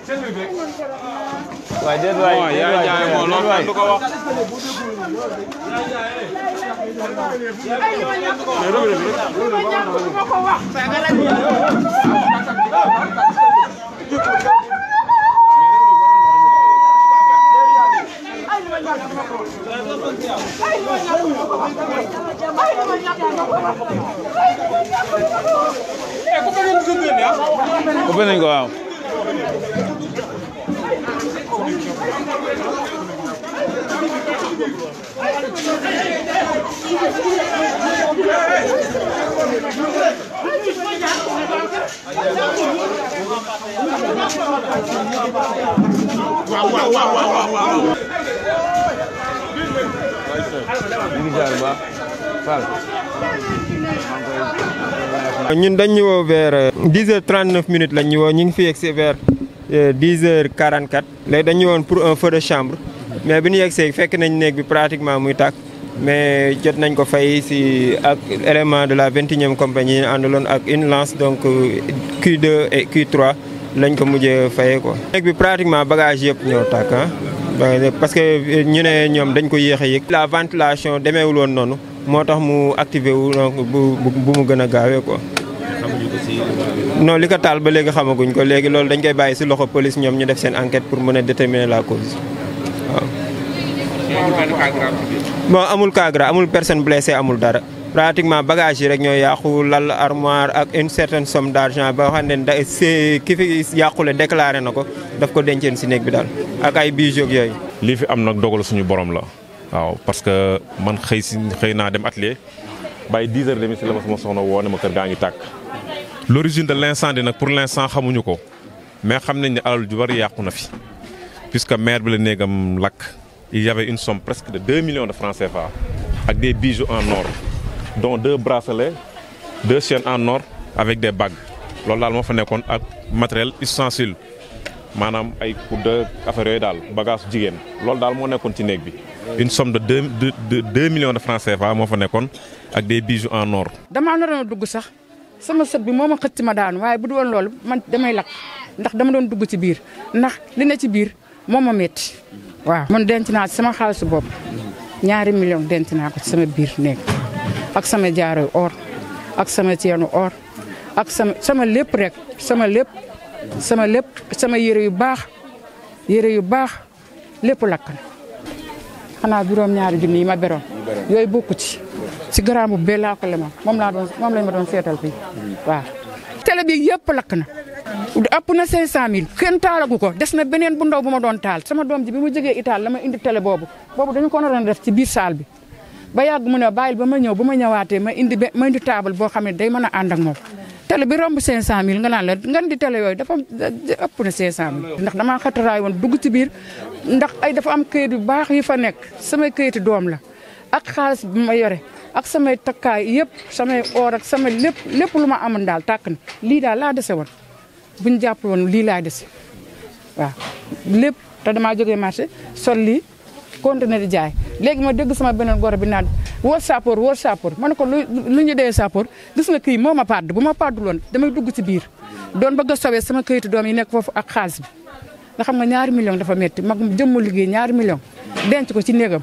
Vai, dead right. Oh, yeah, yeah, yeah. Long time to go. Opening go out. Wow, wow, ñun dañ ñu vers 10 euh, 39 minutes lañ ñu ñu ngi fi yegg vers Euh, dix heures quarante quatre les dañu pour un feu de chambre mais biñu yexé yegsee fekk nañ néeg bi pratiquement muy tak mais jot nañ ko fay si ak élément de la 21e compagnie àndaloon ak une lance donc euh, Q2 et Q3 lañ ko mujjee fayé quoi. néeg bi pratiquement bagage yëpp ñoo tak hein ah. parce que euh, ñu ne ñoom dañ ko yéex a la ventilation demeewul woon noonu moo tax mu activé wu donc bu mu gëna gaawé quoi. non li ko taal ba léegi xamaguñ ko léegi loolu dañ koy bàyyi si loxo police ñoom ñu def seen enquête pour mën a déterminer la cause waaw. bon amul cas grave amul personne blessée amul dara. pratiquement bagage yi rek ñoo yàqu lal armoire ak une certaine somme d' ba xam ne da ki fi yàqule déclaré na ko daf ko denceen si néeg bi daal ak ay bijoux yooyu. lii fi am nag dogal suñu borom la waaw parce que man xëy si xëy naa dem atelier bàyyi 10 heures demi si la ma sama tàkk. l'origine de l'incendie nak pour l'instant xamuñu ko mais xam nañ ne alal bari yàqu fi puisque maire bi la néegam il y avait une somme presque de 2 millions de francs CFA avec des bijoux en or dont deux bracelets deux chaînes en or avec des bagues ce daal moo fa nekkoon ak matériel ustensile maanaam ay coude affaire yooyu daal bagage ce loolu daal moo nekkoon ci une somme de 2 millions de francs CFA moo fa avec des bijoux en or. damaa naroon a dugg sama sët bi moma ma ma daan waaye bu du woon loolu man damay lakk ndax dama doon dugg ci biir ndax li na ci biir moma metti waaw. man denc naa sama xaalisu bopp ñaari million denc naa ko ci sama biir nek ak sama jaaro or ak sama ceenu or ak sama sama lépp rek sama lépp sama lépp sama yére yu baax yére yu baax lépp lakk na xanaa juróom-ñaari junni yi ma beroon yooyu bokku ci. si garaam bu bee laa ko moom laa doon moom lañ ma doon seetal fii waaw. télé bi yëpp lakk na. ëpp na 500000 kenn taalagu ko des na beneen bu bu ma doon taal sama doom ji bi mu jógee Italie la ma indi télé boobu boobu dañu ko naroon def ci biir salle bi. ba yàgg mu ne bàyyil ba ma ñëw ba ma ñëwaatee ma indi ma indi table boo xam ne day mën a ànd ak moom. télé bi romb 500000 nga naan la ngan di télé yooyu dafa ëpp na 500000. ndax damaa xataraay woon dugg ci biir ndax ay dafa am kayit yu baax yu fa nekk samay kayitu doom la ak xaalis bi ma yore. ak samay takkaay yëpp samay or ak samay lépp lépp lu ma amoon daal tàkk na lii daal laa dese woon bu ñu jàpp woon lii laa dese waaw lépp te damaa jógee marché sol lii continuer di jaay léegi ma dégg sama beneen goro bi naan wóor saapoor woo saapoor ma ne ko lu lu ñu dee saapoor gis nga kii moo ma pàdd bu ma pàddul woon damay dugg ci biir doon bëgg a sobee sama këyitu doom yi nekk foofu ak xaalis bi nga xam nga ñaari million dafa metti mag jëmm liggéey ñaari million denc ko ci néegam